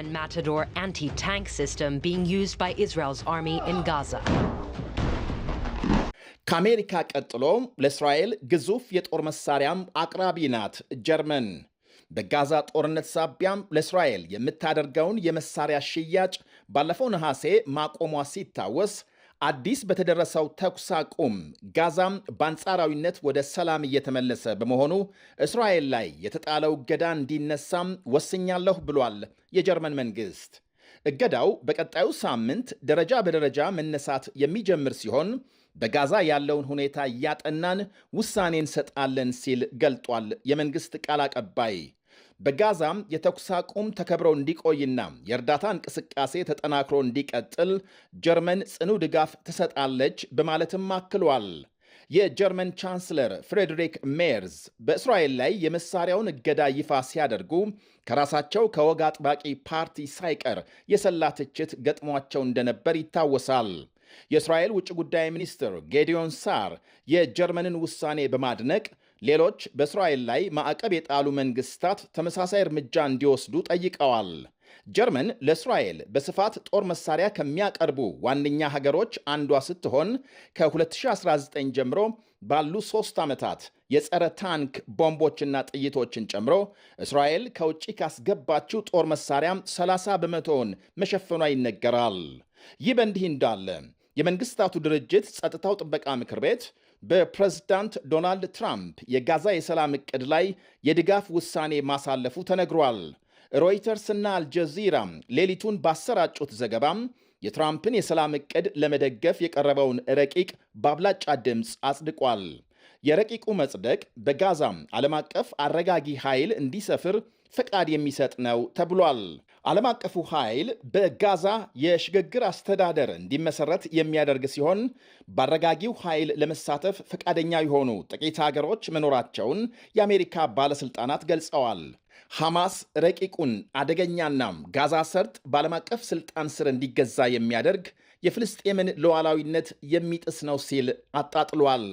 German Matador anti-tank system being used by Israel's army in Gaza. ከአሜሪካ ቀጥሎ ለእስራኤል ግዙፍ የጦር መሳሪያም አቅራቢ ናት ጀርመን። በጋዛ ጦርነት ሳቢያም ለእስራኤል የምታደርገውን የመሳሪያ ሽያጭ ባለፈው ነሐሴ ማቆሟ ሲታወስ አዲስ በተደረሰው ተኩስ አቁም ጋዛም በአንጻራዊነት ወደ ሰላም እየተመለሰ በመሆኑ እስራኤል ላይ የተጣለው እገዳ እንዲነሳም ወስኛለሁ ብሏል የጀርመን መንግስት። እገዳው በቀጣዩ ሳምንት ደረጃ በደረጃ መነሳት የሚጀምር ሲሆን በጋዛ ያለውን ሁኔታ እያጠናን ውሳኔ እንሰጣለን ሲል ገልጧል የመንግስት ቃል አቀባይ። በጋዛም የተኩስ አቁም ተከብሮ እንዲቆይና የእርዳታ እንቅስቃሴ ተጠናክሮ እንዲቀጥል ጀርመን ጽኑ ድጋፍ ትሰጣለች በማለትም አክሏል። የጀርመን ቻንስለር ፍሬድሪክ ሜርዝ በእስራኤል ላይ የመሳሪያውን እገዳ ይፋ ሲያደርጉ ከራሳቸው ከወግ አጥባቂ ፓርቲ ሳይቀር የሰላ ትችት ገጥሟቸው እንደነበር ይታወሳል። የእስራኤል ውጭ ጉዳይ ሚኒስትር ጌዲዮን ሳር የጀርመንን ውሳኔ በማድነቅ ሌሎች በእስራኤል ላይ ማዕቀብ የጣሉ መንግስታት ተመሳሳይ እርምጃ እንዲወስዱ ጠይቀዋል። ጀርመን ለእስራኤል በስፋት ጦር መሳሪያ ከሚያቀርቡ ዋነኛ ሀገሮች አንዷ ስትሆን ከ2019 ጀምሮ ባሉ ሶስት ዓመታት የጸረ ታንክ ቦምቦችና ጥይቶችን ጨምሮ እስራኤል ከውጭ ካስገባችው ጦር መሳሪያ 30 በመቶውን መሸፈኗ ይነገራል። ይህ በእንዲህ እንዳለ የመንግስታቱ ድርጅት ጸጥታው ጥበቃ ምክር ቤት በፕሬዝዳንት ዶናልድ ትራምፕ የጋዛ የሰላም ዕቅድ ላይ የድጋፍ ውሳኔ ማሳለፉ ተነግሯል። ሮይተርስ እና አልጀዚራ ሌሊቱን ባሰራጩት ዘገባም የትራምፕን የሰላም ዕቅድ ለመደገፍ የቀረበውን ረቂቅ በአብላጫ ድምፅ አጽድቋል። የረቂቁ መጽደቅ በጋዛ ዓለም አቀፍ አረጋጊ ኃይል እንዲሰፍር ፈቃድ የሚሰጥ ነው ተብሏል። ዓለም አቀፉ ኃይል በጋዛ የሽግግር አስተዳደር እንዲመሰረት የሚያደርግ ሲሆን በአረጋጊው ኃይል ለመሳተፍ ፈቃደኛ የሆኑ ጥቂት አገሮች መኖራቸውን የአሜሪካ ባለሥልጣናት ገልጸዋል። ሐማስ ረቂቁን አደገኛናም ጋዛ ሰርጥ በዓለም አቀፍ ሥልጣን ስር እንዲገዛ የሚያደርግ የፍልስጤምን ሉዓላዊነት የሚጥስ ነው ሲል አጣጥሏል።